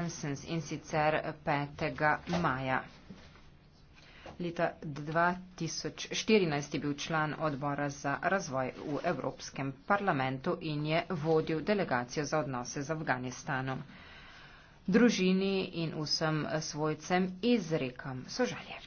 Janssens in sicer 5. maja. Leta 2014 je bil član odbora za razvoj v Evropskem parlamentu in je vodil delegacijo za odnose z Afganistanom. Družini in vsem svojcem izrekam sožalje.